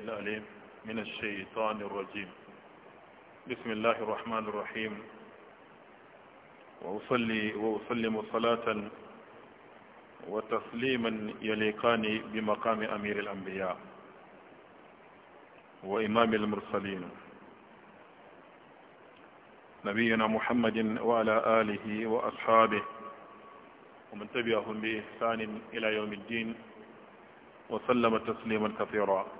العليم من الشيطان الرجيم بسم الله الرحمن الرحيم وأصلي وأسلم صلاة وتسليما يليقان بمقام أمير الأنبياء وإمام المرسلين نبينا محمد وعلى آله وأصحابه ومن تبعهم بإحسان إلى يوم الدين وسلم تسليما كثيرا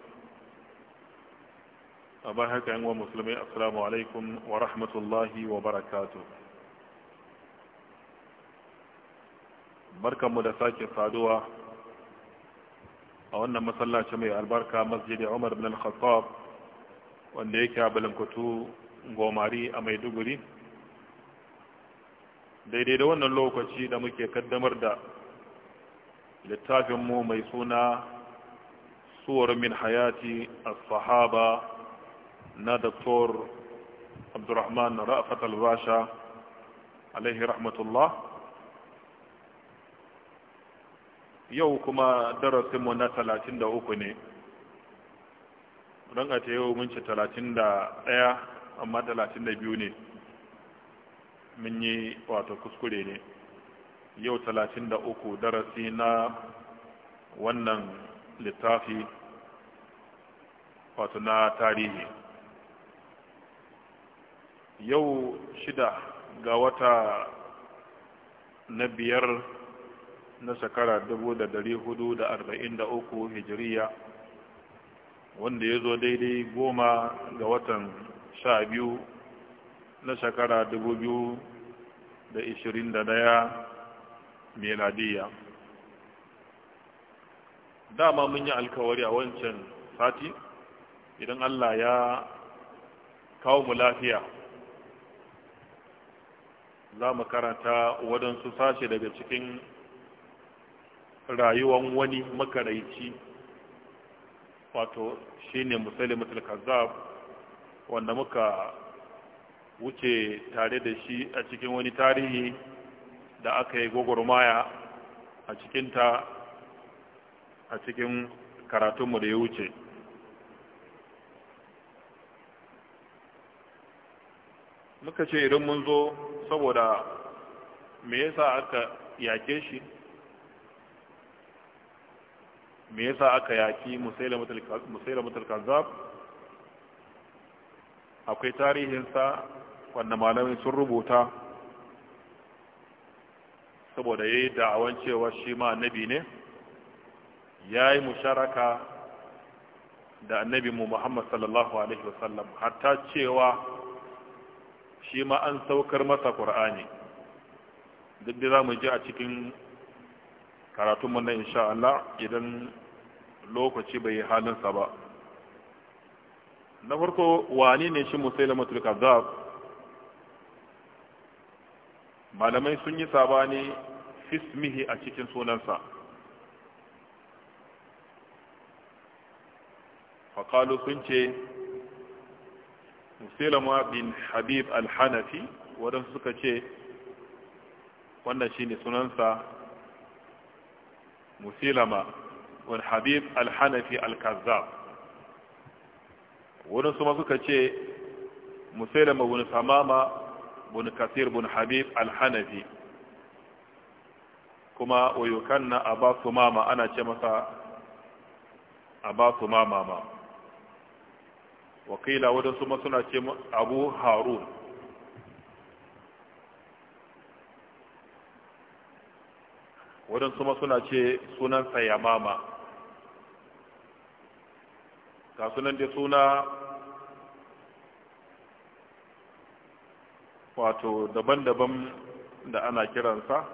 ba haka yan wa musulmi assalamu alaikum wa rahmatullahi wa barakatuh barkanmu da sake saduwa a wannan masallaci mai albarka masjidi Umar bin al-Khattab wanda yake a Balankutu Gomari a Maiduguri daidai da wannan lokaci da muke kaddamar da littafinmu mai suna suwar min hayati as-sahaba na Dr. Abdurrahman Ra'afat al-rasha alaihi rahmatullah yau kuma darasinmu na talatin da uku ne don a yau mun ce talatin da ɗaya amma talatin da biyu ne mun yi wato kuskure ne yau talatin da uku darasi na wannan littafi wato na tarihi yau shida ga wata na biyar na shekara uku hijiriya wanda ya zo daidai goma ga watan sha biyu na shekara ɗaya meladiya dama mun yi alkawari a wancan sati idan allah ya kawo mu lafiya za mu karanta waɗansu sashe daga cikin rayuwan wani makaraici wato shi ne musulmatul kazzab wanda muka wuce tare da shi a cikin wani tarihi da aka yi gwagwarmaya a cikinta a cikin karatunmu da ya wuce muka ce idan mun zo saboda me yasa aka yake shi me yasa aka yaki musailamatul kazzab akwai tarihinsa wanda malamin sun rubuta saboda ya yi da'awan cewa shi ma annabi ne ya yi musharaka da annabinmu muhammad sallallahu alaihi wasallam hatta cewa shi ma an saukar masa ƙur'ani duk da za mu ji a cikin karatunmu na insha Allah idan lokaci bai yi halinsa ba na farko wani ne shi musulmatul kazzab malamai sun yi sabani fismihi a cikin sunansa faƙalu sun ce musulama bin habib al-hanafi waɗansu suka ce wannan shi ne sunansa musulama bin habib al-hanafi al-kazzab waɗansu ma suka ce musulama bin samama bin kasir bin habib al-hanafi kuma a ba su mama, ana ce masa su mama ma wakila waɗansu ma suna ce abu harun waɗansu suna ce sunansa yamama ga sunan da suna wato daban-daban da ana kiransa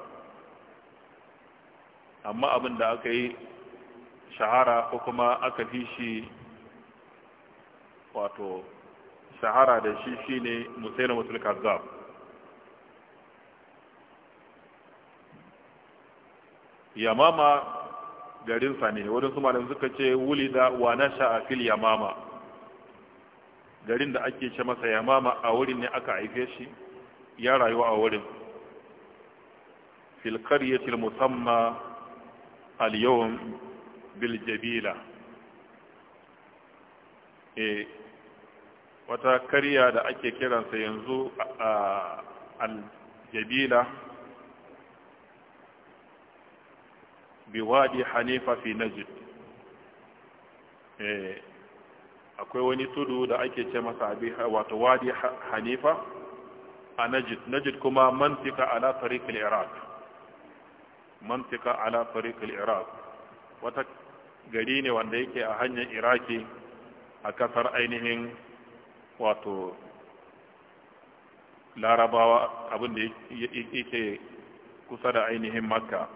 amma abin da aka yi shahara ko kuma aka fi shi wato shahara da shi shine musaina musul kazzab yamama garinsa ne wurin su malam suka ce wulida wa nasha a fil yamama garin da ake ce masa yamama a wurin ne aka haife shi ya rayuwa a wurin fil ya musamma al yawm bil wata karya da ake kiransa yanzu a aljabila biwadi hanifa fi Najib. Eh, akwai wani tudu da ake ce masa wato wadi hanifa a najid najid kuma mantika ala tariqil iraq mantika ala tariqil iraq wata gari ne wanda yake a hanyar iraki a kasar ainihin wato larabawa abin da yake kusa da ainihin makka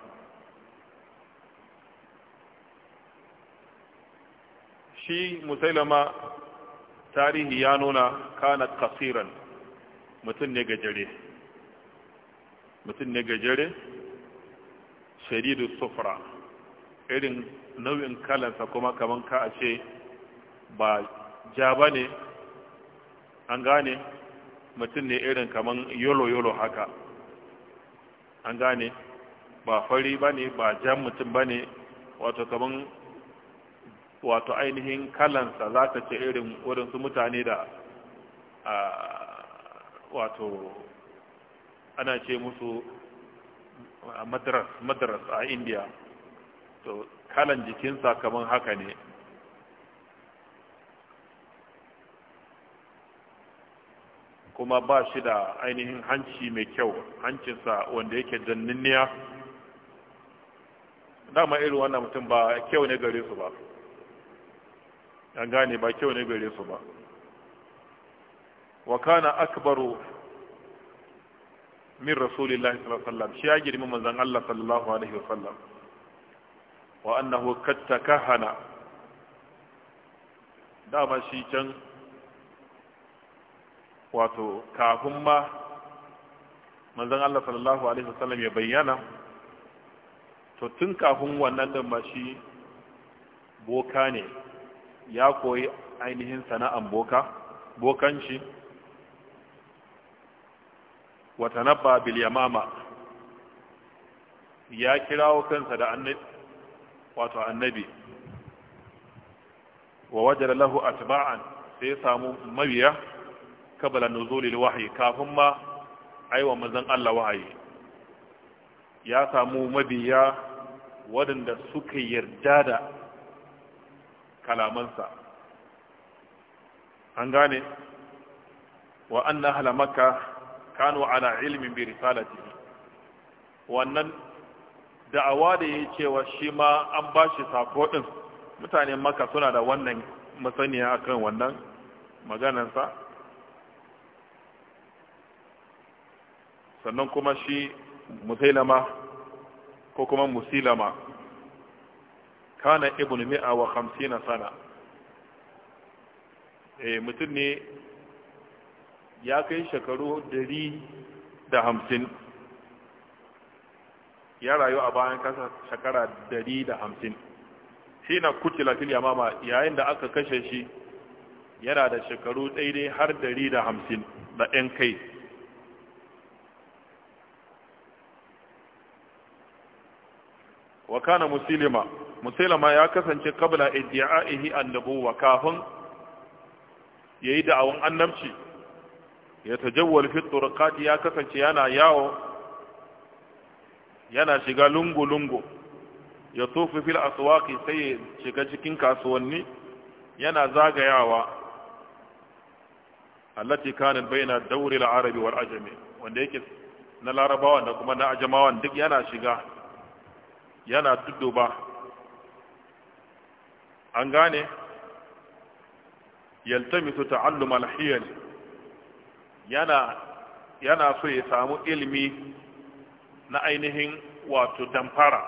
shi musailama tarihi ya nuna kana kasiran mutum ne gajere mutum ne gajere shadidu sufra irin nau'in kalansa kuma kaman ka a ce ba ja ba ne an gane mutum ne irin kaman yolo-yolo haka an gane ba fari ba ne ba jan mutum ba ne wato kaman wato ainihin kalansa za ka ce irin waɗansu mutane da wato ana ce musu madras madras a indiya to kalan jikinsa kaman haka ne kuma ba shi da ainihin hanci mai kyau hancinsa wanda yake janninniya dama irin wannan mutum ba kyau ne gare su ba an gane ba kyau ne gare su ba wa kana akbaru min rasulillahi sallallahu alaihi wasallam shi ya girmi manzon Allah sallallahu alaihi wasallam wa annahu kattakahana dama shi can wato kafin ma manzon Allah sallallahu alaihi wasallam ya bayyana to tun kafin wannan din ma shi boka ne ya koyi ainihin sana'an boka bokanci wa tanabba bil yamama ya kirawo kansa da annabi wato annabi wa wajara lahu atba'an sai samu mabiya kabala nuzulil wahyi kafin ma aiwa mazan Allah wahayi ya samu mabiya waɗanda suka yarda da kalamansa an gane wa anna ahla makka kanu ala ilmin bi risalatihi wannan da'awa da ya cewa shi ma an ba shi sako ɗin mutanen maka suna da wannan masaniya akan wannan maganansa sannan kuma shi musailama ko kuma musilama kana ibn mi'a wa hamsina sana eh mutum ne ya kai shekaru dari da hamsin ya rayu a bayan kasa shekara dari da hamsin shi na kucila fil mama. yayin da aka kashe shi yana da shekaru daidai har dari da hamsin da 'yan kai wa kana Musilima, Musilima ya kasance kabla iddi'aihi annabuwa kafin yayi da'awun annabci ya tajawwal fi turqat ya kasance yana yawo yana shiga lungu lungu ya tufi fil aswaqi sai shiga cikin kasuwanni yana zagayawa allati kanat baina dawri al-arabi wal ajami wanda yake na larabawa da kuma na ajamawan duk yana shiga yana ba an gane yaltamisu ta'allum al-hiyal yana yana so ya samu ilimi na ainihin wato damfara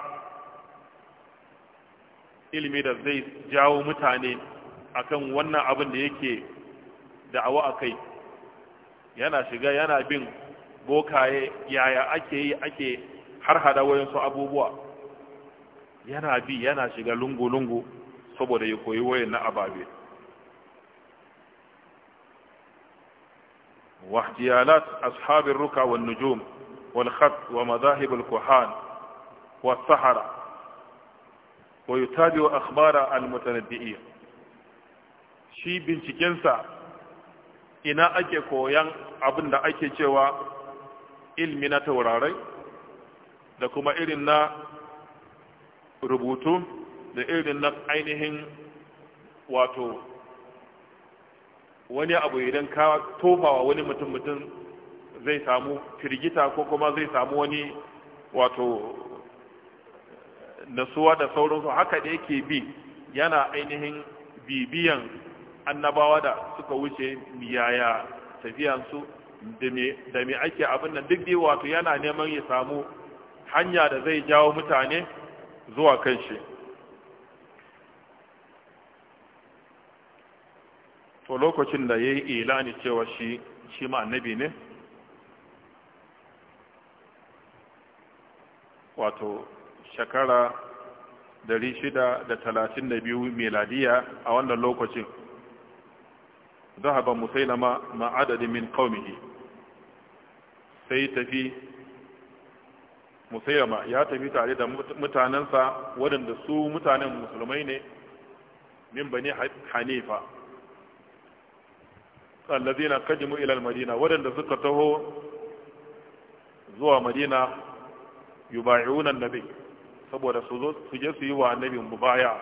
ilimi da zai jawo mutane akan wannan abin da yake da'awa a kai yana shiga yana bin bokaye yaya ake yi ake har wayansu abubuwa yana bi yana shiga lungu-lungu saboda ya koyi wayan na ababe واحتيالات أصحاب wa والنجوم والخط ومذاهب الكهان والسحرة ويتابع أخبار المتنبئين shi bincikensa ina ake koyan abin da ake cewa ilmi na taurarai da kuma irin na rubutu da irin na ainihin wato wani abu idan ka tofawa wani mutum mutum zai samu firgita ko kuma zai samu wani wato eh, nasuwa da sauransu haka da yake bi yana ainihin bibiyan annabawa da suka wuce yaya tafiyansu da me ake abin nan duk wato yana neman ya samu hanya da zai jawo mutane zuwa kan shi to lokacin da ya yi ilani cewa shi shi ma annabi ne wato shekara 632 meladiya a wannan lokacin zahaba musailama ma adadin min qaumihi sai tafi musayyama ya tafi tare da mutanensa waɗanda su mutanen musulmai ne min bani hanifa allazina kajimu ila madina waɗanda suka taho zuwa madina yubayi'una annabi saboda su zo su je su yi wa annabi baya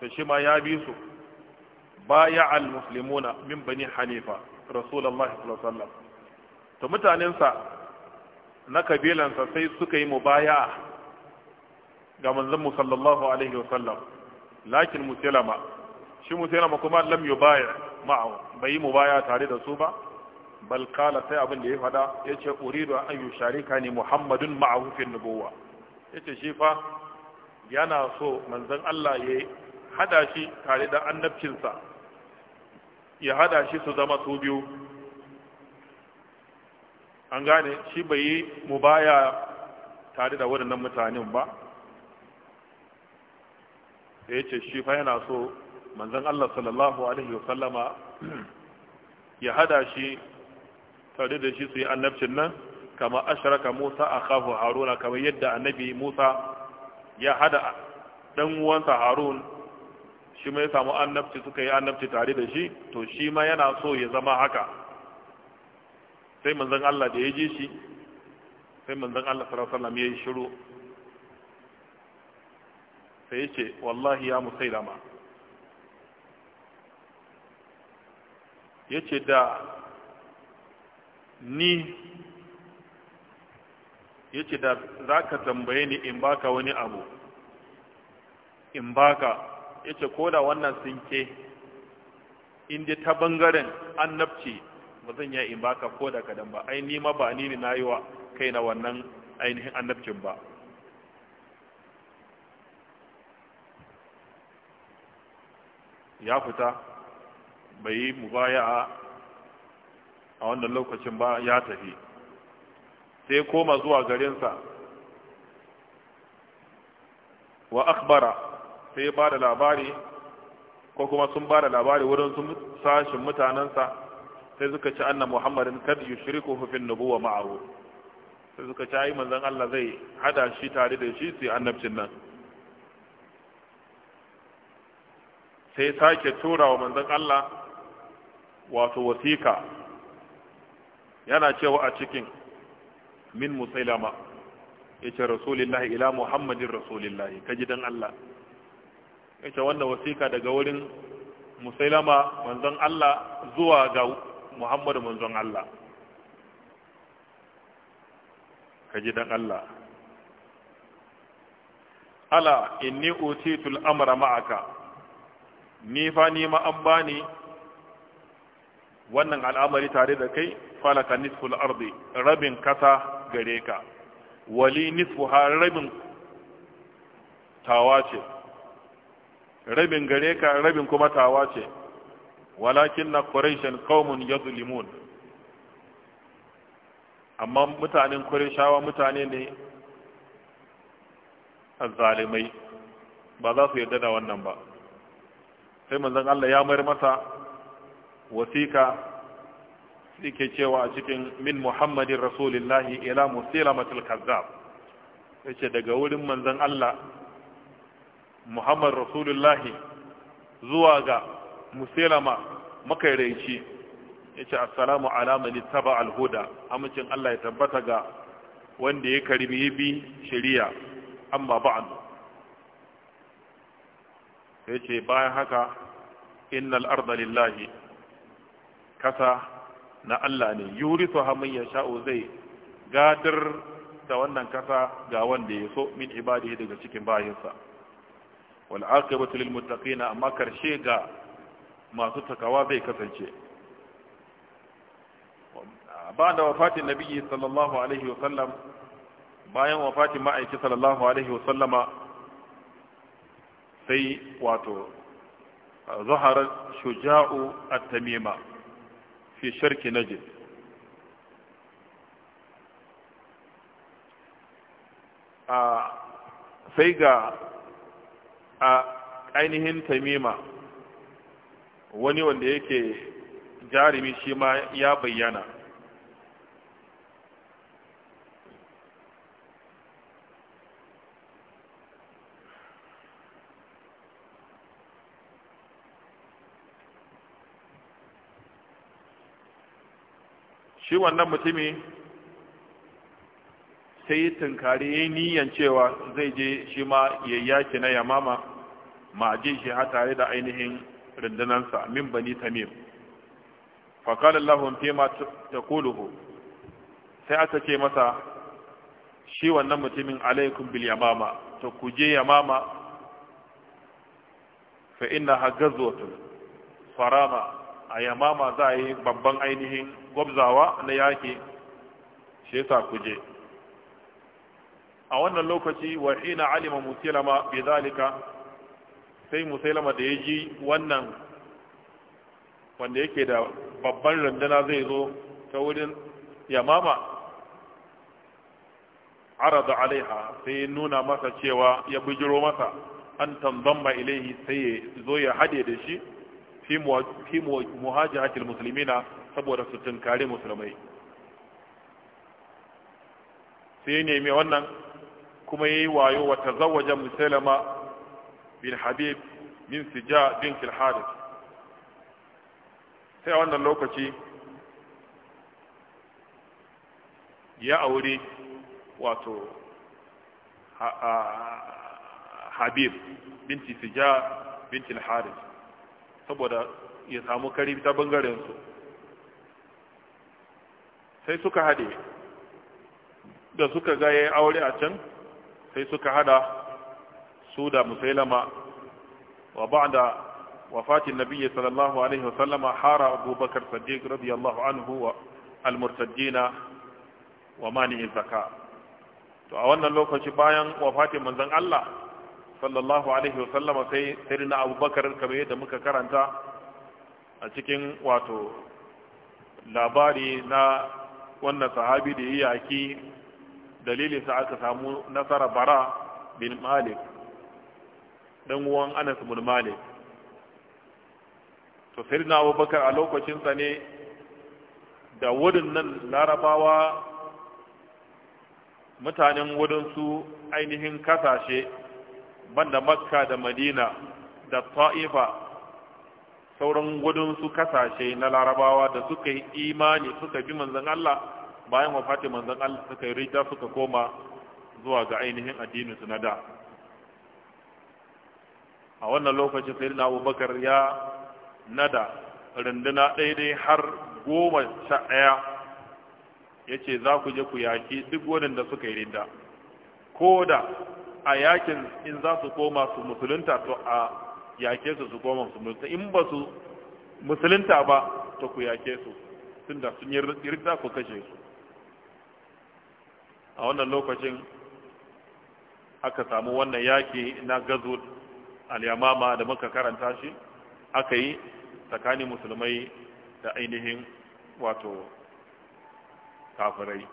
ta shi ma ya bi su baya al musulmuna min bani hanifa Rasulallah sallallahu alaihi wasallam to mutanensa na kabilansa sai suka yi mubaya ga manzon sallallahu alaihi wasallam lakin musulama shi musulama kuma lam yubaya ma'ahu bai yi mubaya tare da su ba bal kala sai abin da ya fada yace uridu an yusharika ni muhammadun ma'ahu fi nubuwa yace shi fa yana so manzon Allah ya hada shi tare da annabcinsa ya hada shi su zama su biyu an gane shi bai yi mu baya tare da waɗannan mutanen ba da ya ce shi fa yana so manzon Allah sallallahu alaihi wasallama ya hada shi tare da shi su yi annabcin nan kama ashraka Musa Akahu Haruna kama yadda annabi Musa ya hada dan uwansa Harun shi mai ya samu annabci suka yi annabci tare da shi to shi ma yana so ya zama haka sai manzon Allah da ya je shi sai manzon Allah sallallahu alaihi wasallam ya yi shiru sai ya ce wallahi ya musailama ya ce da ni ya ce da za ka tambaye ni in baka wani abu in baka ya ce ko da wannan sinke inda ta bangaren annabci ba zan iya in baka ko da kadan ba ai ni ma ba ni ne nayi wa kaina wannan ainihin annabcin ba ya fita bai yi mubaya'a a wannan lokacin ba ya tafi sai koma zuwa garinsa wa akbara sai ba da labari ko kuma sun ba da labari wurin sashin mutanensa sai suka ci annan muhammadin kad shirku hufin nubuwa ma'ahu sai suka ci ayi manzan Allah zai hada shi tare da shi sai annabcin nan sai sake tura wa manzan Allah wato wasika yana cewa a cikin min musailama ya ce rasulillahi ila muhammadin rasulillahi ka dan Allah Ya ce wannan wasika daga wurin musailama manzan Allah zuwa ga muhammadu manzon Allah ka ji dan Allah ala inni utitul amra ma'aka ni fa ni ma an bani wannan al'amari tare da kai falaka nisful ardi rabin kasa gare ka wali nisfu rabin rabin gare ka rabin kuma tawa ce Walakin na quraishan qaumun yadhlimun amma mutanen qurayshawa mutane ne azzalimai ba za su yarda da wannan ba sai manzon Allah ya mayar masa wasika yake cewa a cikin min muhammadin rasulillahi ila musilamatul kazzab yace daga wurin manzon Allah muhammad rasulillahi zuwa ga musilama raici. ya ce assalamu alamani taba alhuda amincin Allah ya tabbata ga wanda ya karbi ya bi shari'a amma ba'an ya ce bayan haka innal arda lillahi kasa na Allah ne yurisu hamin ya sha'o zai gadar da wannan kasa ga wanda ya so min ibadi daga cikin bayinsa wal aqibatu lil muttaqina amma karshe ga masu takawa zai kasance ba da wafatin nabi sallallahu alaihi wasallam bayan wafatin ma'aiki sallallahu alaihi wasallama sai wato Zuharar shuja'u at-tamima fi sharki najid a sai ga a ainihin tamima wani wanda yake jarumi shi ma ya bayyana shi wannan mutumi sai tunkari ya yi niyan cewa zai je shi ma ya yaki na yamama ma je shi har tare da ainihin rundunansa min bani tamim faƙar Allahun fema ta kuluhu sai aka ce masa shi wannan mutumin alaikun bil yamama ta kuje yamama fa ina hagazotun farama a yamama za a yi babban ainihin gwabzawa na yaki. shi yasa kuje a wannan lokaci wa ina alima mutilama bi zalika sai musailama da ya ji wannan wanda yake da babban rundana zai zo ta wurin yamama arada alaiha sai nuna masa cewa ya bijiro masa an tanzamma ilaihi sai ya zo ya hade da shi fi muhajihatil musulmina saboda su tunkari musulmai sai ya nemi wannan kuma ya yi wayo wata zawajen musulama bin habib min sija bin kilharis sai a wannan lokaci ya aure wato habib bin sija bin kilharis saboda ya samu kari ta bangarensu sai suka haɗe da suka ga ya aure a can sai suka hada سودا مسيلمة وبعد وفاة النبي صلى الله عليه وسلم حار أبو بكر الصديق رضي الله عنه المرتدين ومانع الزكاة وأولا لو كنت بايا وفاة من ذن الله صلى الله عليه وسلم سيدنا أبو بكر كما يدى مكة أنت أتكين واتو labari na wannan sahabi da ya yaki dalilinsa aka samu nasara bara bin malik dan uwan Anas bin Malik to sayyidina Abubakar a lokacin sa ne da wurin nan Larabawa mutanen wurin su ainihin kasashe banda Makka da Madina da Ta'ifa sauran su kasashe na larabawa da suka yi imani suka bi manzan Allah bayan wafatin manzan Allah suka yi rita suka koma zuwa ga ainihin addininsu na da a wannan lokacin sai na abubakar ya nada runduna daidai har goma sha ɗaya ya ce za ku je ku yaƙi duk waɗanda suka yi rinda ko da a yakin in za su koma su musulunta to a yaƙe su su koma musulunta in ba su musulunta ba to ku yaƙe su sun da sun yi rinda ku kashe su a wannan lokacin aka samu wannan yaƙi na gazul al-yamama da muka karanta shi aka yi tsakanin musulmai da ainihin wato kafirai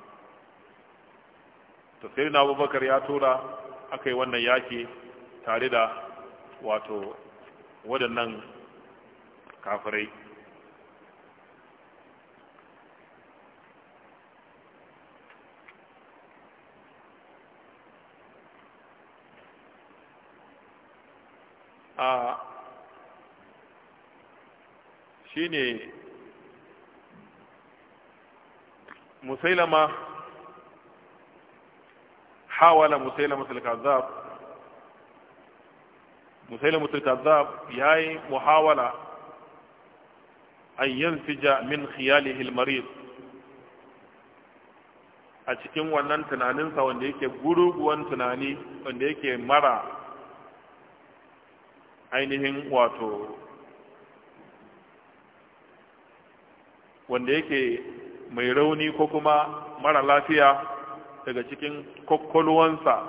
to sai na abubakar ya tura aka yi wannan yaki tare da wato waɗannan kafirai a shi ne musailama hawala musailama al musailama yayi muhawala an yansija min khiyalihi hilmarin a cikin wannan tunaninsa wanda yake guruguwan tunani wanda yake mara ainihin wato wanda yake mai rauni ko kuma mara lafiya daga cikin kokkolwansa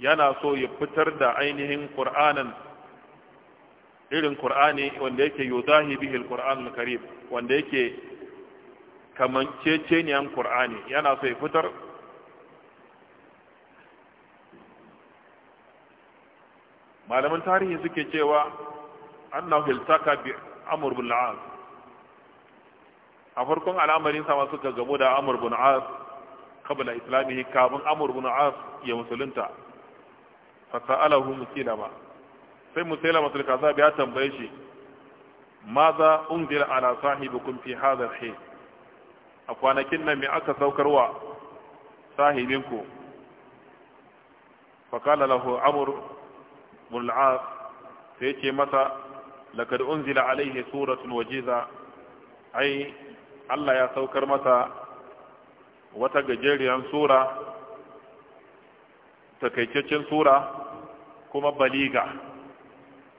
yana so ya fitar da ainihin ƙur'anin irin ƙur'ani wanda yake yuzahi bihil ƙur'anul karim wanda yake kamanceceniyan ƙur'ani yana so ya fitar malaman tarihi suke cewa annahu iltaka bi amr bin al-as a farkon al'amarin sama suka gamu da amr bin al-as qabla islamihi kafin amr bin al-as ya musulunta fa sa'alahu musilama sai musilama sul kaza biya tambaye shi maza unzila ala sahibikum fi hadha al-hayy a kwanakin nan me aka saukarwa sahibinku fa qala lahu amr mul'af sai ce masa laqad unzila alaihi suratun wajiza ai Allah ya saukar masa wata gajeriyar sura takaitaccen sura kuma baliga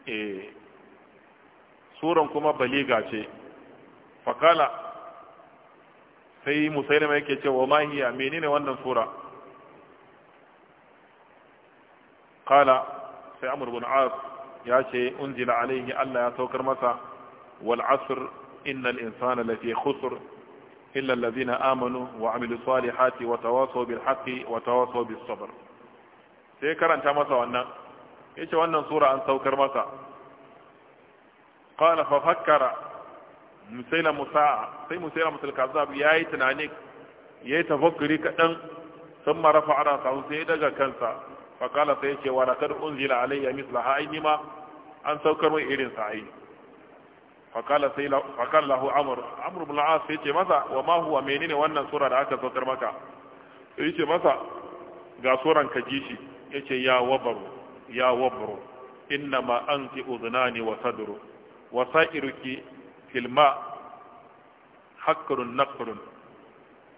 eh suran kuma baliga ce fakala sai musailima yake cewa mahiya menene wannan sura kala sai amr bin as ya ce unzila alaihi Allah ya saukar masa wal asr innal insana lafi khusr illa allazina amanu wa amilu salihati wa tawasaw bil haqqi wa tawasaw bis sabr sai karanta masa wannan yace wannan sura an saukar masa qala fa fakkara musaila musa sai musaila musul kazzab yayi tunani yayi tafakkuri kadan sun marafa ara sai daga kansa Faƙala sai ce wa laqad unzila alayya ha aini ma an saukar mai irin sa ai lahu amur. Amur ibn al-as sai ce masa wa ma huwa menene wannan sura da aka saukar maka sai ce masa ga suran ka ji shi ya ce ya wabaru ya wabaru inna ma an anti udnani wa sadru wa sa'iruki fil ma hakrun naqrun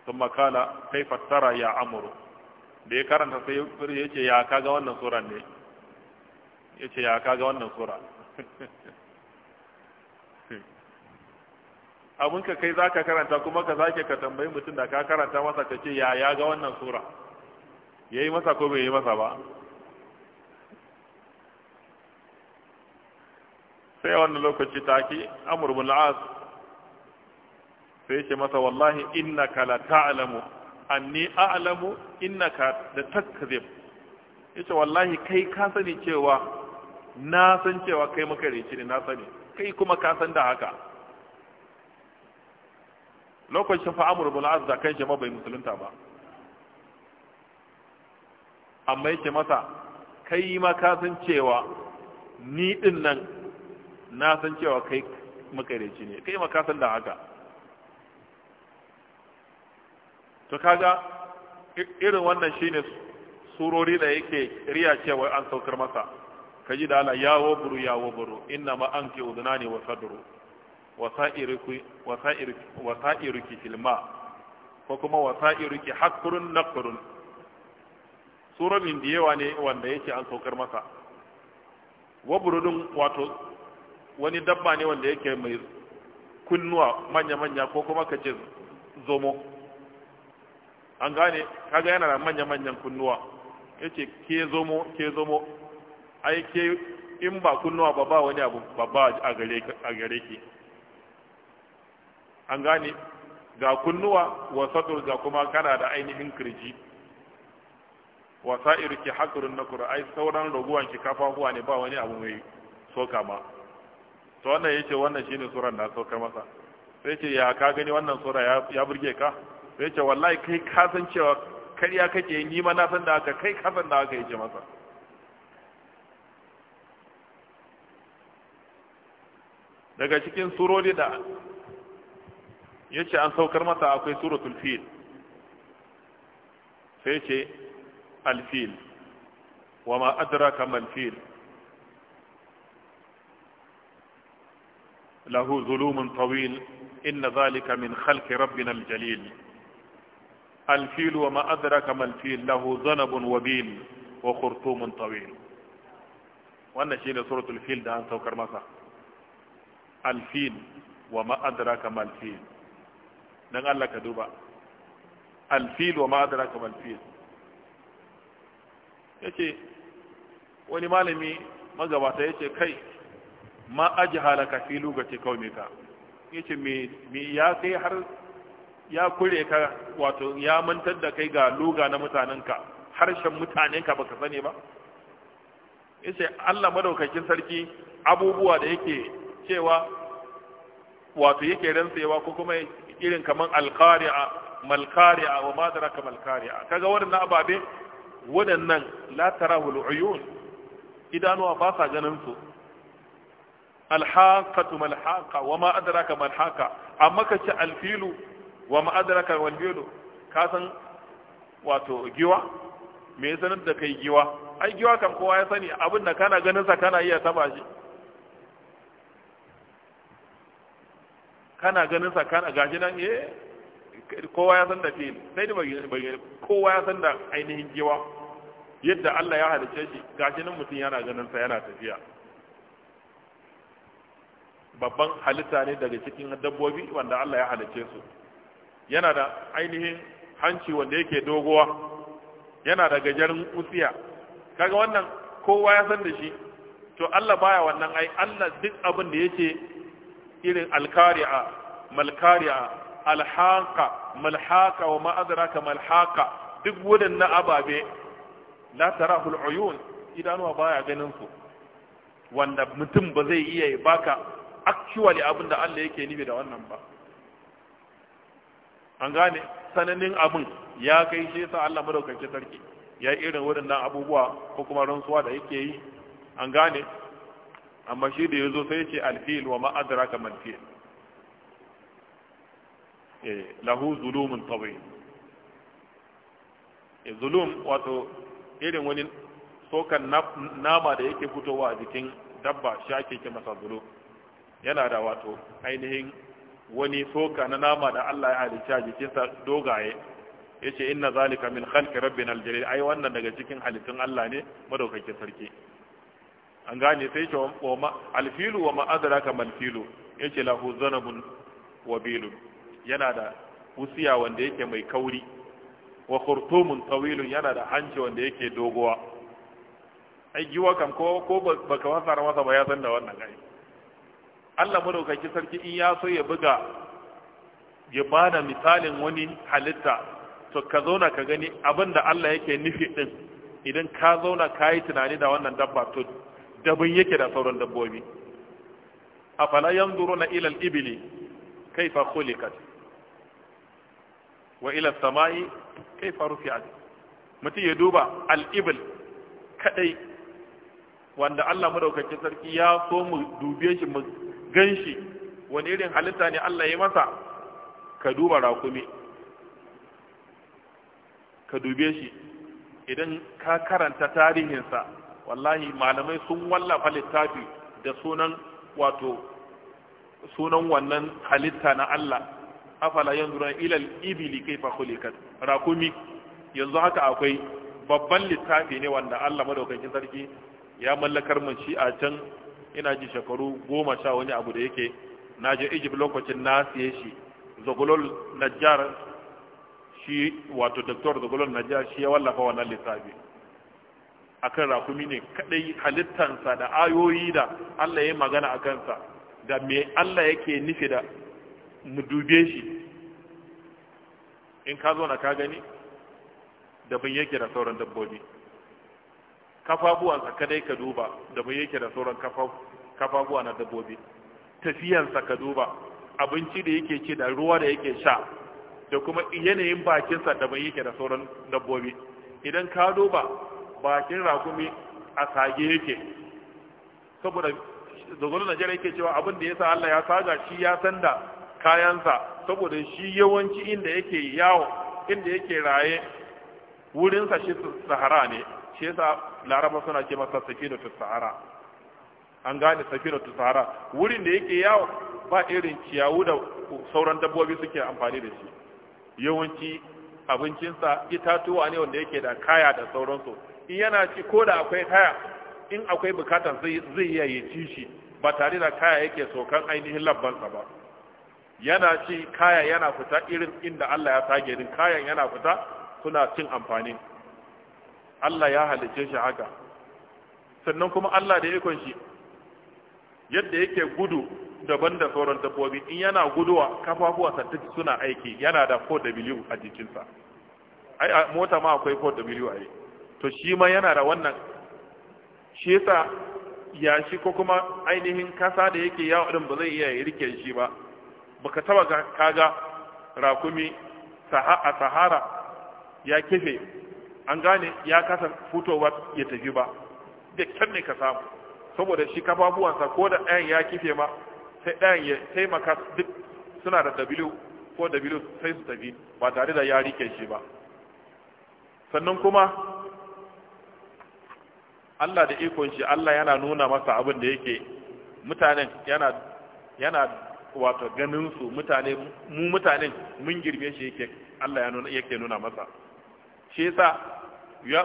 ثم قال كيف ترى يا عمرو da ya karanta sai ya ce ya kaga wannan sura ne ya ce ya kaga wannan sura abin ka kai zaka karanta kuma ka sake ka tambayi mutum da ka karanta masa ka ce ya ya ga wannan sura ya yi masa ko bai yi masa ba sai wannan lokaci ta ke bin as sai ce masa wallahi innaka la ta'lamu anni a'lamu innaka da takzib yace wallahi kai ka sani cewa na san cewa kai maka rici ne na sani kai kuma ka san da haka lokacin fa amur bin azza kan shi ma bai musulunta ba amma yake masa kai ma ka san cewa ni din nan na san cewa kai maka rici ne kai ma ka san da haka to kaga irin wannan shine surori da yake riya cewa an saukar masa kaji da Allah ya waburu ya waburu inna ma anki udunani wa sadru wa wasa'iriki wasa'iriki filma ko kuma wasa'iriki hakurun nakurun surorin da yawa ne wanda yake an saukar masa waburudin wato wani dabba ne wanda yake mai kunnuwa manya-manya ko kuma kace zomo an gane kaga yana da manya-manyan kunnuwa yace ke zomo ke zomo ai ke in ba kunnuwa ba ba wani abu babba a gare a gare ki an gane ga kunnuwa wa sadur ga kuma kana da ainihin kirji wa sa'iruki hakrun nakur ai sauran raguwan ki kafafuwa ne ba wani abu mai soka ma to wannan yace wannan shine suran da soka masa sai ce ya ka gani wannan sura ya burge ka sai ce wallahi kai ka san cewa karya kake yi ni ma na san da haka kai ka san da haka yace masa daga cikin surori da yace an saukar masa akwai suratul fil sai ce alfil wa ma adraka mal fil له ظلوم طويل إن min من خلق ربنا الجليل الفيل وما أدرك ما الفيل له ذنب وبيل وخرطوم طويل وأن شيء سورة الفيل ده أنت وكرمسة الفيل وما أدرك ما الفيل dan Allah ka duba alfil wa ma adraka mal wani malami magabata yace kai ma aji ka filu ga ce kaumika yace me me ya kai har ya kure ka wato ya mantar da kai ga luga na mutanenka harshen mutanenka baka sani ba yace Allah madaukakin sarki abubuwa da yake cewa wato yake rantsewa ko kuma irin kaman alqari'a malqari'a wa ma malqari'a kaga wannan ababe wadannan la tarahu aluyun idanuwa ba sa ganin su alhaqatu malhaqa wa ma adraka malhaqa amma kace alfilu wa ma'adraka wal bidu ka san wato giwa me ya sanar da kai giwa ai giwa kan kowa ya sani abin da kana ganin sa kana iya taba shi kana ganin sa kana gashi nan eh kowa ya san da fil sai da bayyana kowa ya san da ainihin giwa yadda Allah ya halicce shi gashi nan mutum yana ganin sa yana tafiya babban halitta ne daga cikin dabbobi wanda Allah ya halicce su yana da ainihin hanci wanda yake doguwa yana da gajeren usiya kaga wannan kowa ya san da shi to Allah baya wannan ai Allah duk abin da yake irin alkari'a malkari'a alhaqa malhaqa wa ma adraka malhaqa duk wadannan ababe la tarahu aluyun idanuwa baya ganin su wanda mutum ba zai iya baka actually abin da Allah yake nibi da wannan ba an gane sananin abin ya kai shi sa Allah madaukake sarki ya irin waɗannan abubuwa ko kuma rantsuwa da yake yi an gane amma shi da yazo sai ce alfil wa ma adraka man fi eh lahu zulumun tawil eh zulum wato irin wani sokan nama da yake fitowa a jikin dabba shi ake kira masa zulum yana da wato ainihin wani soka na nama da Allah ya halicci a sa dogaye ya ce inna zalika min khalqi rabbina aljalil ai wannan daga cikin halittun Allah ne madaukakin sarki an gane sai ce wa ma alfilu wa ma adraka mal filu yace lahu zanabun wa bilun yana da usiya wanda yake mai kauri wa khurtumun tawilun yana da hanci wanda yake dogowa ai giwa kam ko ko baka wasa masa ba ya san da wannan gani Allah madaukaki sarki in ya so ya buga ya ba da misalin wani halitta to ka zauna ka gani abin da Allah yake nufi din idan ka zauna ka yi tunani da wannan dabba to dabin yake da sauran dabbobi afala yanzuruna ila al-ibli kaifa khuliqat wa ila samai kaifa rufi'at mutum ya duba al'ibil ibl kadai wanda Allah madaukakin sarki ya so mu dube shi mu ganshi wani irin halitta ne Allah ya masa ka duba rakumi ka dube shi idan ka karanta tarihinsa wallahi malamai sun wallafa littafi da sunan wato sunan wannan halitta na Allah afala yanzura ila al-ibli kayfa khuliqat rakumi yanzu haka akwai babban littafi ne wanda Allah madaukakin sarki ya mallakar mun shi a can ina ji shekaru goma sha wani abu da yake na je egypt lokacin na siye shi zogolol najjar shi wato doktor zogolol najjar shi ya wallafa wannan lissafi akan rakumi ne kadai halittansa da ayoyi da allah ya magana a kansa da me allah yake nufi da mu dube shi in ka zo na ka gani da bin yake da sauran dabbobi kafafuwansa kadai ka duba da mai yake da sauran kafafuwa na dabbobi tafiyansa ka duba abinci da yake ci da ruwa da yake sha da kuma yanayin bakinsa da mai yake da sauran dabbobi idan ka duba bakin rakumi a sage yake saboda na jira yake cewa abin da ya sa allah ya saga shi ya san da kayansa saboda shi yawanci inda yake yawo inda yake raye wurinsa shi sahara ne shi yasa laraba suna ce masa safinatu sahara an gane safinatu sahara wurin da yake yawo ba irin ciyawu da sauran dabbobi suke amfani da shi yawanci abincinsa itatuwa ne wanda yake da kaya da sauransu in yana ci ko da akwai kaya in akwai bukatar zai zai iya ya ci shi ba tare da kaya yake sokan ainihin labbansa ba yana ci kaya yana fita irin inda Allah ya tage din kayan yana fita suna cin amfani Allah ya halice shi haka sannan kuma Allah da ikon shi yadda yake gudu daban da sauran dabbobi in yana guduwa sa duk suna aiki yana da 4W a jikinsa ai mota ma akwai 4W ai to shi ma yana da wannan shi yasa yashi ko kuma ainihin kasa da yake yawo din ba zai iya rike shi ba baka taba kaga rakumi a sahara ya kefe. an gane ya kasa fitowa ya tafi ba da kyan ne ka samu saboda shi kafafuwansa ko da ɗayan ya kife ma sai ɗayan ya taimaka duk suna da w ko w sai su tafi ba tare da ya rike shi ba sannan kuma Allah da ikon shi Allah yana nuna masa abin da yake mutanen yana yana wato ganin su mutane mu mutanen mun girbe shi yake Allah ya nuna yake nuna masa shi yasa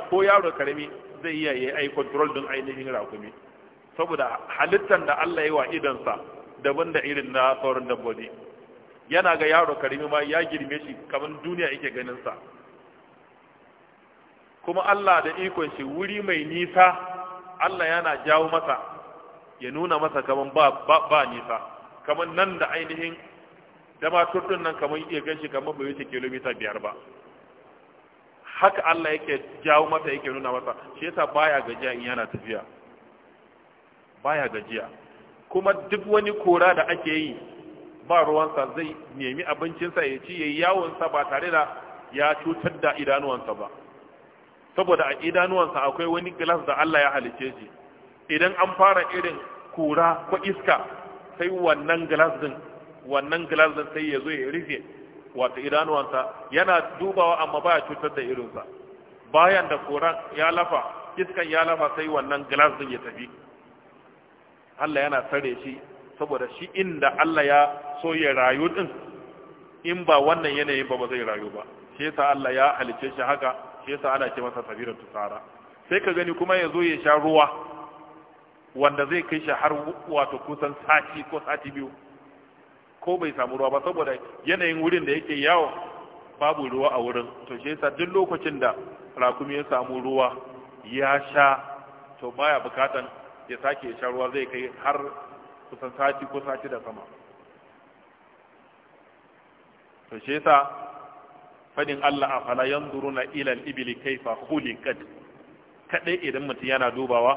ko yaro karami zai iya yi ai control din ainihin rakumi saboda halittar da Allah ya yi wa sa daban da irin na sauran dabbobi yana ga yaro karami ma ya girme shi kamar duniya yake ganin sa kuma Allah da ikon shi wuri mai nisa Allah yana jawo masa ya nuna masa kaman ba ba, nisa kaman nan da ainihin dama turdun nan kaman iya shi kaman bai wuce kilomita biyar ba haka Allah yake jawo mata yake nuna mata shi yasa baya gajiya in yana tafiya baya gajiya kuma duk wani kora da ake yi ba ruwansa zai nemi abincinsa ya ci ya yayi yawonsa ba tare da ya cutar da idanuwansa ba saboda a idanuwansa akwai wani glass da Allah ya halice shi idan an fara irin kura ko iska sai wannan glass din wannan glass din sai ya zo ya rufe wato idanuwansa yana dubawa amma baya cutar da irinsa bayan da koran ya lafa iskan ya lafa sai wannan glass din ya tafi Allah yana tare shi saboda shi inda Allah ya so ya rayu din in ba wannan yanayin ba ba zai rayu ba shi yasa Allah ya halice shi haka shi yasa ana ce masa sabirin tusara sai ka gani kuma ya zo ya sha ruwa wanda zai kai shi har wato kusan sati ko sati biyu ko bai samu ruwa ba saboda yanayin wurin da yake yawo babu ruwa a wurin to shi yasa duk lokacin da rakumi ya samu ruwa ya sha to baya bukatan ya sake ya sha ruwa zai kai har kusan sati ko sati da sama to shi yasa fadin Allah a fala yanzuruna ila al-ibli kayfa khuliqat kadai idan mutum yana dubawa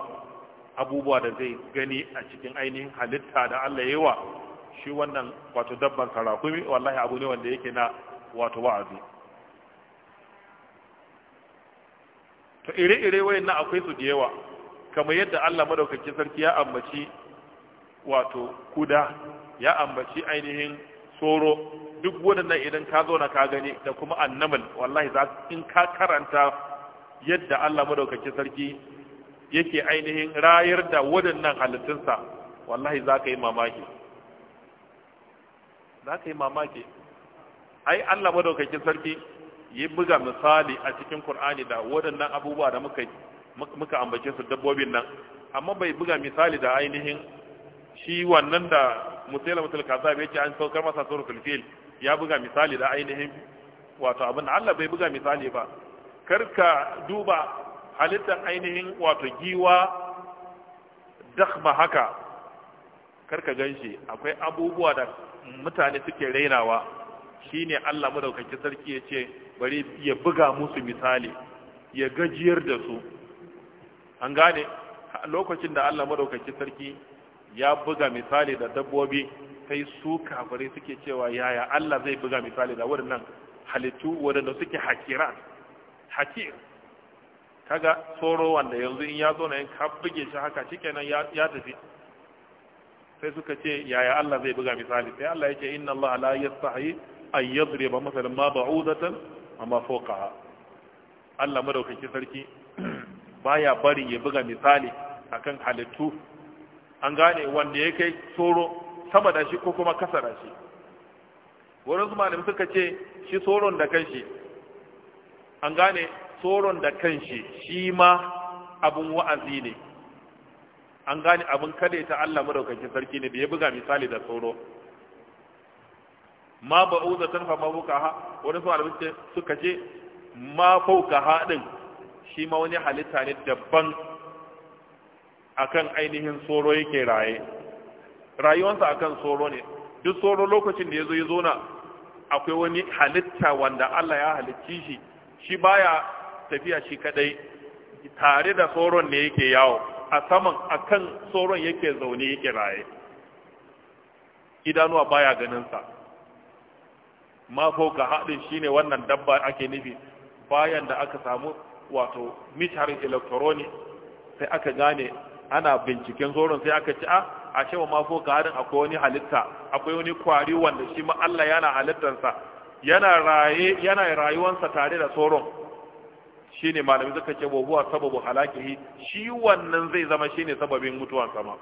abubuwa da zai gani a cikin ainihin halitta da Allah yayi wa shi wannan wato dabban karakumi wallahi abu ne wanda yake na wato wa'azi to ire-ire wayannan akwai su da yawa kamar yadda Allah madaukakin sarki ya ambaci wato kuda ya ambaci ainihin tsoro duk waɗannan idan ka zo na ka gani da kuma annamal wallahi za in ka karanta yadda Allah madaukakin sarki yake ainihin rayar da waɗannan halittunsa wallahi za ka yi mamaki za ka yi mamaki ai Allah madaukakin sarki yi buga misali a cikin Qur'ani da waɗannan abubuwa da muka muka ambace su dabbobin nan amma bai buga misali da ainihin shi wannan da musailamatul kazab yace an saukar masa suratul fil ya buga misali da ainihin wato abin Allah bai buga misali ba karka duba halittar ainihin wato giwa dakhma haka karka ganshi akwai abubuwa da mutane suke rainawa shine Allah madaukaki sarki ya ce bari ya buga musu misali ya gajiyar da su an gane lokacin da Allah madaukaki sarki ya buga misali da dabbobi sai su kafare suke cewa yaya Allah zai buga misali da waɗannan halittu waɗanda suke hakira hakir kaga tsoro wanda yanzu in ya zo na yin ka buge shi haka kenan ya tafi sai suka ce yaya Allah zai buga misali sai Allah yake inna Allah la yastahi an yadriba masalan ma ba'udatan amma fawqaha Allah madaukaki sarki baya bari ya buga misali akan halittu an gane wanda ya kai tsoro sama da shi ko kuma kasa da shi wurin malami suka ce shi tsoron da kanshi an gane tsoron da kanshi shi ma abun wa'azi ne an gane abin kada ita Allah madaukakin sarki ne da ya buga misali da sauro ma tan fa ma ha? wani su suka je ma ha din shi ma wani halitta ne daban akan ainihin tsoro yake raye rayuwarsa akan tsoro ne duk tsoro lokacin da ya zo ya akwai wani halitta wanda Allah ya halicci shi shi baya tafiya shi kadai tare da tsoron ne yake yawo a saman a kan tsoron yake zaune yake raye idanuwa baya ganinsa ma ga haɗin shine wannan dabba ake nufi bayan da aka samu wato mitar elektoroni sai aka gane ana binciken tsoron sai aka ci ah, a a cewa ma ga haɗin akwai wani halitta akwai wani kwari wanda shi ma Allah yana halittarsa yana raye yana rayuwansa tare da tsoron shine malami zaka ce wa huwa sababu halakihi shi wannan zai zama shine sababin mutuwan sama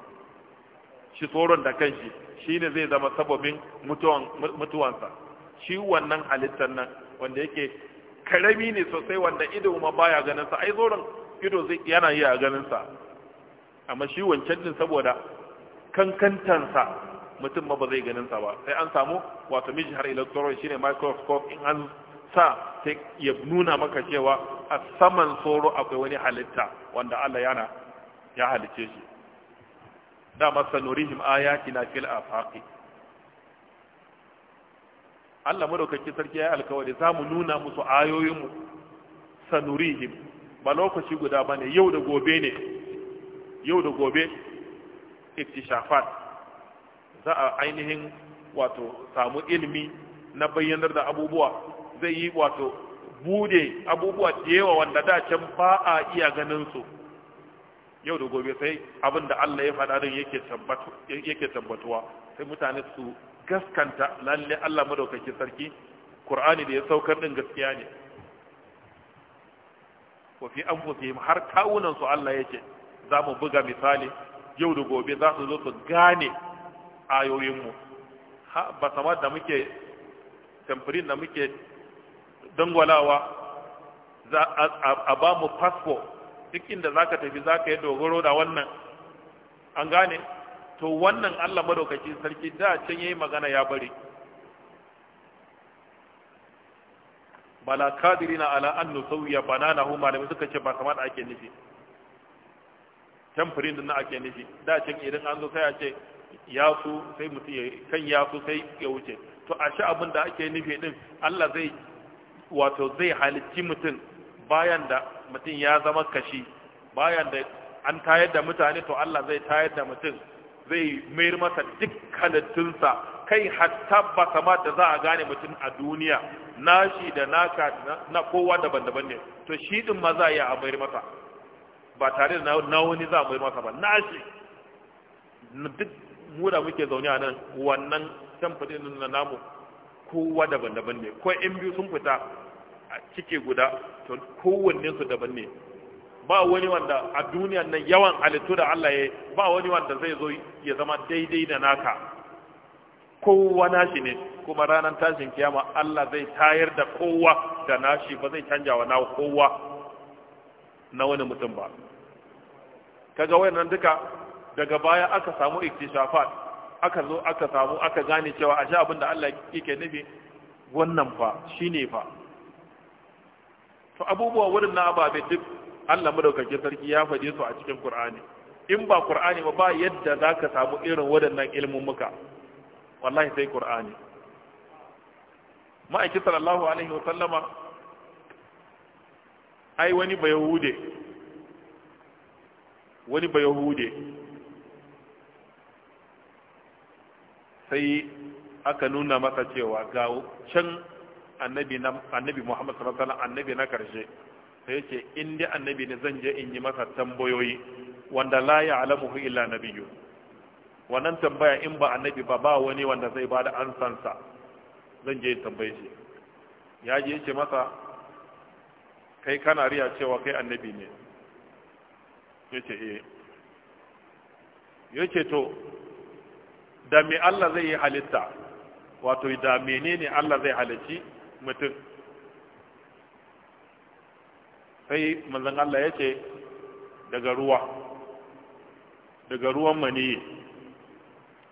shi tsoron da kanshi shine zai zama sababin mutuwan mutuwansa shi wannan halittar nan wanda yake karami ne sosai wanda ido ma baya ganin sa ai tsoron ido zai yana iya ganin sa amma shi wancan din saboda kankantansa mutum ma ba zai ganin sa ba sai an samu wato mijhar ila tsoron shine microscope in an sa sai ya nuna maka cewa a saman tsoro akwai wani halitta wanda Allah yana ya halice shi dama sanurihim ayatina fil afaqi Allah madaukaki sarki ya yi alkawari za mu nuna musu ayoyinmu sanurihim ba lokaci guda bane yau da gobe ne yau da gobe iktishafat za a ainihin wato samu ilimi na bayyanar da abubuwa zai yi wato bude abubuwa da yawa wanda da can ba a iya ganin su yau da gobe sai abin da Allah ya faɗa din yake tabbatuwa sai mutane su gaskanta lalle Allah madaukakin sarki Qur'ani da ya saukar din gaskiya ne wa fi anfusihim har kawunan su Allah yake za mu buga misali yau da gobe za su zo su gane ayoyinmu ba samar da muke tamfirin da muke dangwalawa za a ba mu fasfo duk inda za ka tafi za ka yi dogaro da wannan an gane to wannan allah madaukaki sarki da can ya yi magana ya bari bala kadirina ala an nusawiya banana hu malamai suka ce ba kamar ake nufi tamfirin din ake nufi da can idan an zo sai a ce ya su sai mutum kan ya su sai ya wuce to a sha abin da ake nufi din Allah zai wato zai halicci mutum bayan da mutum ya zama kashi bayan da an tayar da mutane to Allah zai tayar da mutum zai mayar masa duk halittunsa kai hatta ba kama da za a gane mutum a duniya nashi da naka na kowa daban-daban ne to shi din ma za a yi a mayar masa ba tare da na wani za a mayar masa ba nashi duk mu da muke zaune a nan wannan tamfadin na namu kowa daban-daban ne ko in biyu sun fita a cike guda to kowannen su daban ne ba wani wanda a duniyan nan yawan halittu da Allah ya ba wani wanda zai zo ya zama daidai da naka kowa nashi ne kuma ranar tashin kiyama Allah zai tayar da kowa da nashi ba zai canja wa na kowa na wani mutum ba kaga wayannan duka daga baya aka samu iktishafat aka zo aka samu aka gane cewa a sha abin da Allah yake nufi wannan fa shi ne fa to abubuwa wurin na ababe duk Allah madaukakin sarki ya faɗe su a cikin Qur'ani in ba Qur'ani ba ba yadda ka samu irin waɗannan ilimin muka wallahi sai Qur'ani ma'aikin sallallahu alaihi wa sallama ai wani hude. wani hude. sai aka nuna masa cewa ga can annabi annabi Muhammad sallallahu alaihi wasallam annabi na karshe sai yace in dai annabi ne zan je in yi masa tambayoyi wanda la ya'lamuhu illa nabiyyu wannan tambaya in ba annabi ba ba wani wanda zai bada ansansa zan je tambaye shi ya je yace masa kai kana riya cewa kai annabi ne yace eh yace to da me Allah zai yi halitta wato da menene Allah zai halici mutum sai manzon Allah ya ce daga ruwa daga ruwan maniyi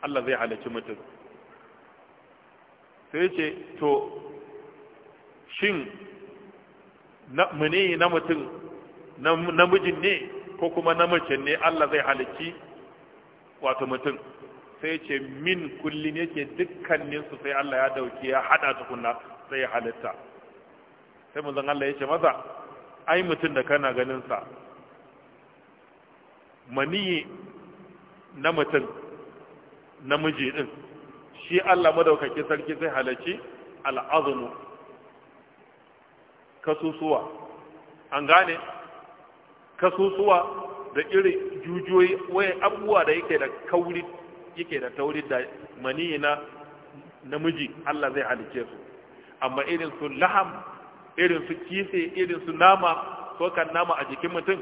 Allah zai halici mutum sai ce to shin maniyi na mutum namijin ne ko kuma mace ne Allah zai halici wato mutum sai ce min kullum yake dukkanin su sai Allah ya dauke ya hada tukunna sai ya halitta sai manzon Allah ya ce maza ai mutum da kana ganin sa mani na mutum namiji din shi Allah madaukake sarki sai halacci al'azmu kasusuwa an gane kasusuwa da irin jujuyoyi waye abubuwa da yake da kauri yake da tauri da mani na namiji Allah zai halice su amma irin su laham irin su kise irin su nama kan nama a jikin mutum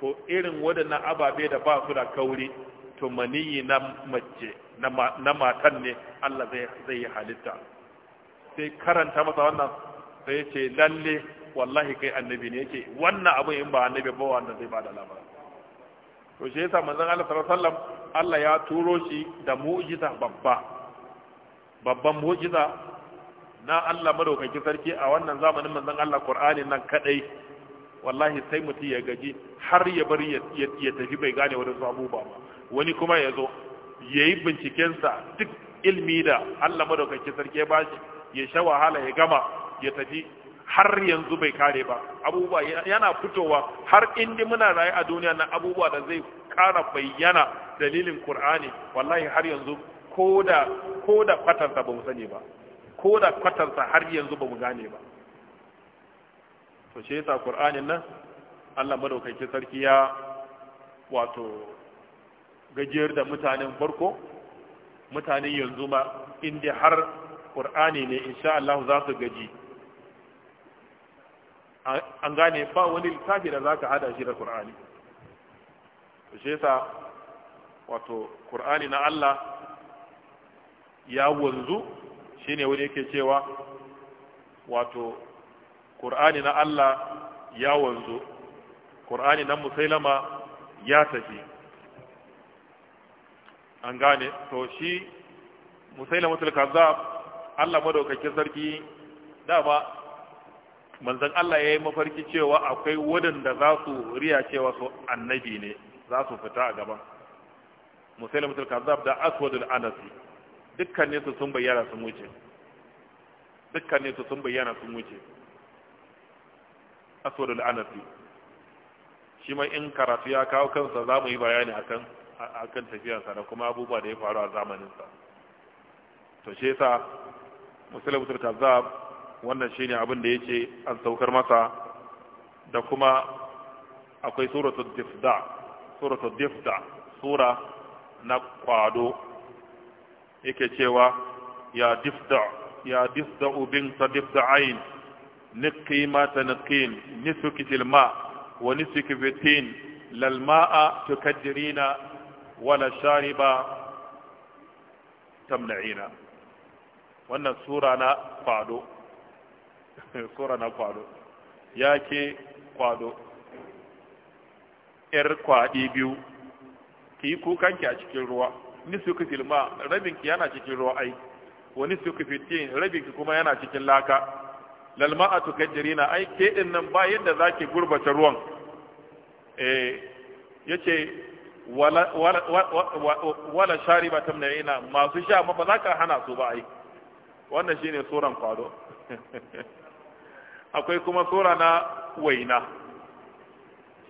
to irin waɗannan ababe da ba su da kauri to maniyina na mace na matan ne Allah zai yi halitta sai karanta masa wannan sai ce lalle wallahi kai annabi ne yake wannan abin in ba annabi ba wanda zai ba da labarin to shi yasa manzon Allah sallallahu alaihi wasallam Allah ya turo shi da mu'jiza babba babban mu'jiza na Allah madaukakin sarki a wannan zamanin manzon Allah Qur'ani nan kadai wallahi sai mutum ya gaji har ya bari ya tafi bai gane wani abubuwa ba wani kuma ya zo ya yi bincikensa duk ilmi da Allah madaukakin sarki ya bashi ya sha wahala ya gama ya tafi har yanzu bai kare ba abubuwa yana fitowa har inda muna rayu a duniya na abubuwa da zai kara bayyana dalilin Qur'ani wallahi har yanzu ko da ko da ba mu sani ba ko da kwatansa har yanzu ba mu gane ba to shi yasa Qur'anin nan Allah madaukakin sarki ya wato gajiyar da mutanen farko mutanen yanzu ma inda har Qur'ani ne insha Allah za su gaji an gane ba wani littafi da zaka hada shi da Qur'ani shi yasa wato qur'ani na Allah ya wanzu shine wani yake cewa wato qur'ani na Allah ya wanzu qur'ani na musailama ya tafi an gane to shi musailamatul kazzab Allah madaukakin sarki dama manzan Allah ya yi mafarki cewa akwai wadanda za su riya cewa su annabi ne za su fita a gaban musulmatul kazzab da aswadul anasi ne su sun bayyana sun wuce ne su sun bayyana sun wuce da anasi shi mai in karatu ya kawo kansa za mu yi bayani akan akan tafiyarsa da kuma abubuwa da ya faru a zamaninsa to shi yasa musulmatul kazzab wannan shine abin da ya ce an saukar masa da kuma akwai suratul difda suratu difta sura na kwado yake cewa ya difta ya difta ubin ta difta ayin niki ma ta nikin nisuki tilma wa nisuki fitin lalma'a tukajirina wala shariba tamna'ina wannan sura na kwado sura na kwado ya ke kwado 'yar kwaɗi biyu ki yi kukanki a cikin ruwa su ki filma rabinki yana cikin ruwa ai wani su ki fitin rabinki kuma yana cikin laka lalma a tukajirina ai ke ɗin nan ba yadda za ki gurbata ruwan eh, ya ce wala shari ba tamna ina masu sha ma ba za ka hana su ba ai wannan shine tsoron kwado akwai kuma tsora na waina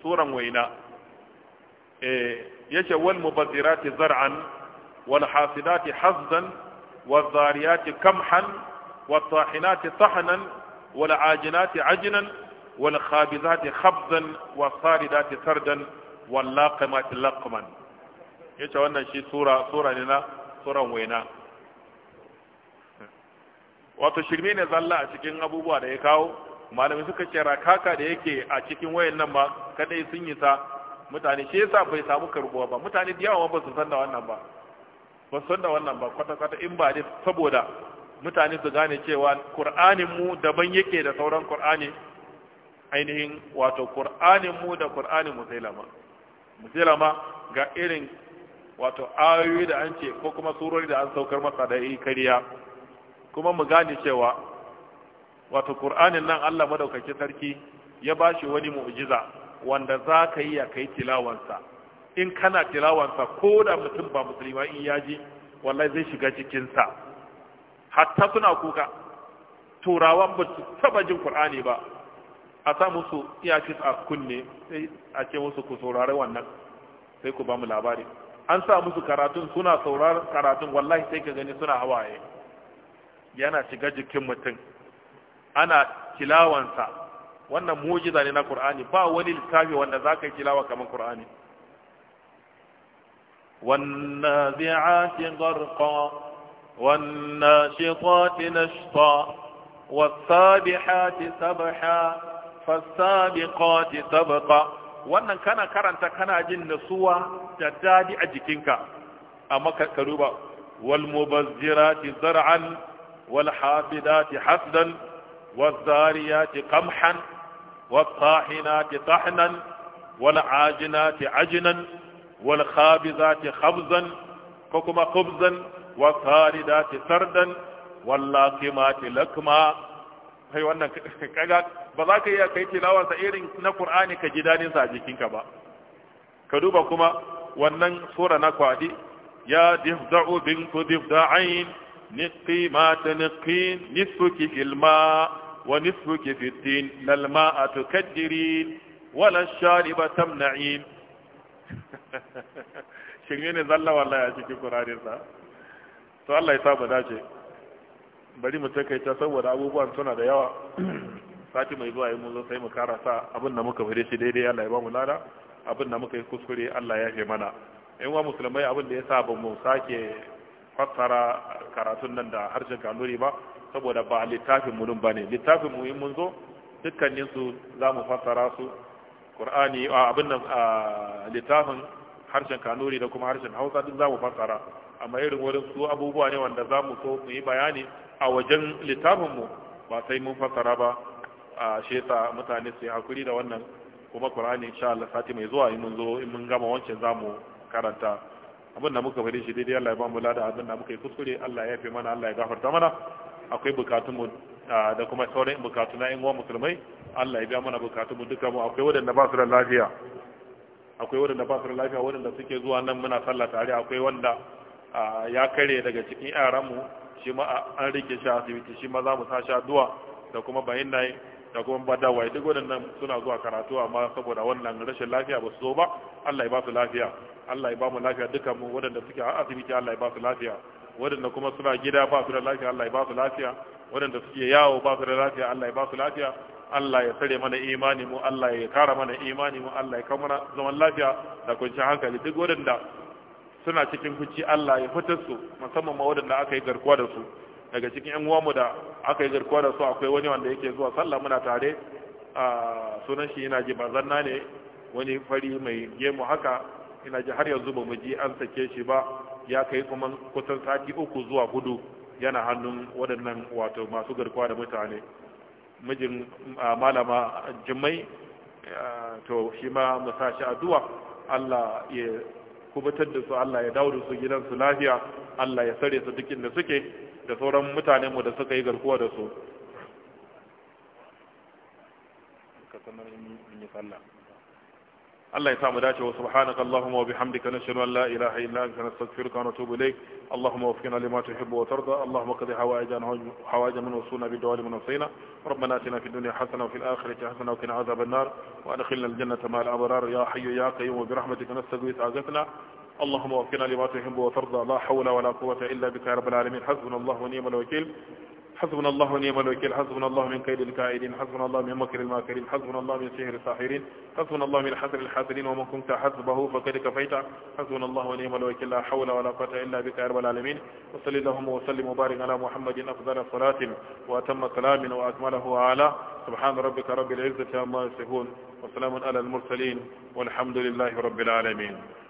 tsoron waina yace wal mubazzirati zar'an wal hasidati hazdan wal zariyati kamhan wal tahinati tahnan wal ajinati ajnan wal khabizati khabzan wal saridati sardan wal laqimati laqman yace wannan shi sura sura ne na suran waina wato shirme ne zalla a cikin abubuwa da ya kawo malamai suka ce rakaka da yake a cikin wayan nan ma kadai sun yi ta mutane shi yasa bai samu karbuwa ba mutane da yawa ba su san da wannan ba ba su san da wannan ba kwata kwata in ba dai saboda mutane su gane cewa qur'anin mu daban yake da sauran qur'ani ainihin wato qur'anin mu da qur'anin musailama musailama ga irin wato ayoyi da an ce ko kuma surori da an saukar masa da yi kariya kuma mu gane cewa wato qur'anin nan Allah madaukake sarki ya bashi wani mu'jiza wanda za ka yi a kai tilawansa in kana tilawansa ko da mutum ba musulma in ya ji wallai zai shiga cikinsa hatta suna kuka turawan ba su taba jin qur'ani ba a sa musu iyakis a kunne sai a ce musu ku saurari wannan sai ku ba mu labari an sa musu karatun suna saurar karatun wallahi sai ka gani suna hawaye yana shiga jikin mutum ana tilawansa wannan mujiza ne na qur'ani ba wani littafi wanda zaka yi tilawa kamar qur'ani والنازعات غرقا والناشطات نشطا والسابحات سبحا فالسابقات سبقا wannan kana karanta kana jin nasuwa da dadi a jikinka amma ka duba wal mubazzirati zar'an wal hafidati hasdan wal zariyati qamhan والطاحنات طحنا والعاجنات عجنا والخابزات خبزا ككما خبزا والطاردات سردا واللاقمات لكما kai wannan kaga ba za ka iya kai tilawarsa irin na Qur'ani ka ji dadin sa jikinka ba ka duba kuma wannan sura na kwadi ya difda'u bintu difda'ain nisqi ma tanqin nisfuki fil ونصفك في الدين لا الماء تكدرين ولا الشارب تمنعين شنين ظل والله يا cikin قرار to Allah ya saba dace bari mu takaita saboda abubuwan suna da yawa sati mai zuwa yi mu zo sai mu karasa abin da muka fare shi daidai Allah ya ba mu lada abin da muka yi kuskure Allah ya yafe mana in wa musulmai abin da ya sa ba mu sake fassara karatun nan da harshen kanuri ba saboda ba littafin mu ba ne littafin mu mun zo dukkanin su za mu fassara su qur'ani abin nan littafin harshen kanuri da kuma harshen hausa duk za mu fassara amma irin wurin su abubuwa ne wanda za mu so mu yi bayani a wajen littafin mu ba sai mun fassara ba a sheta mutane su yi hakuri da wannan kuma qur'ani insha Allah sati mai zuwa in mun zo in mun gama wancan za mu karanta abin da muka fari shi daidai Allah ya ba mu lada abin da muka yi kuskure Allah ya fi mana Allah ya gafarta mana akwai bukatunmu da kuma sauran bukatu na yan musulmai Allah ya biya mana bukatunmu duka mu akwai wadanda ba su da lafiya akwai wadanda ba su da lafiya wadanda suke zuwa nan muna sallah tare akwai wanda ya kare daga cikin yaranmu shi ma an rike shi asibiti shi ma za mu sa shi addu'a da kuma bayin nayi da kuma badawai duk waɗannan suna zuwa karatu amma saboda wannan rashin lafiya ba su zo ba Allah ya ba su lafiya Allah ya ba mu lafiya dukkan mu waɗanda suke a asibiti Allah ya ba su lafiya waɗanda kuma suna gida ba su da lafiya Allah ya ba su lafiya waɗanda suke yawo ba su da lafiya Allah ya ba su lafiya Allah ya tsare mana imani mu Allah ya kara mana imani mu Allah ya kamana zaman lafiya da kunci hankali duk waɗanda suna cikin kuci Allah ya fitar su musamman ma waɗanda aka yi garkuwa da su daga cikin ƴan uwanmu da aka yi garkuwa da su akwai wani wanda yake zuwa sallah muna tare a sunan shi yana ji bazanna ne wani fari mai gemu haka ina ji har yanzu ba mu ji an sake shi ba ya kai kuma kusan sati uku zuwa gudu yana hannun waɗannan wato masu garkuwa da mutane mijin malama jimai to shi ma musashi addu'a Allah ya kubutar da su Allah ya dawo da su gidansu lafiya Allah ya sare su dukkan da suke da sauran mutane mu da suka yi garkuwa da su ka in yi sallah الله يتعب ذاته وسبحانك اللهم وبحمدك نشهد أن لا إله إلا أنك نستغفرك ونتوب إليك اللهم وفقنا لما تحب وترضى اللهم قضي حوائجنا حوائج من وصولنا بالدوال من وصينا ربنا آتنا في الدنيا حسنة وفي الآخرة حسنة وقنا عذاب النار وأدخلنا الجنة مع الأبرار يا حي يا قيوم وبرحمتك نستغيث عزتنا اللهم وفقنا لما تحب وترضى لا حول ولا قوة إلا بك يا رب العالمين حسبنا الله ونعم الوكيل حسبنا الله ونعم الوكيل حسبنا الله من كيد الكائدين حسبنا الله من مكر الماكرين حسبنا الله من سحر الساحرين حسبنا الله من حسر الحاسدين ومن كنت حسبه فقد كفيت حسبنا الله ونعم الوكيل لا حول ولا قوة إلا بك يا رب العالمين وصلي اللهم وسلم وبارك على محمد أفضل صلاة وأتم كلام وأكمله على سبحان ربك رب العزة عما يصفون وسلام على المرسلين والحمد لله رب العالمين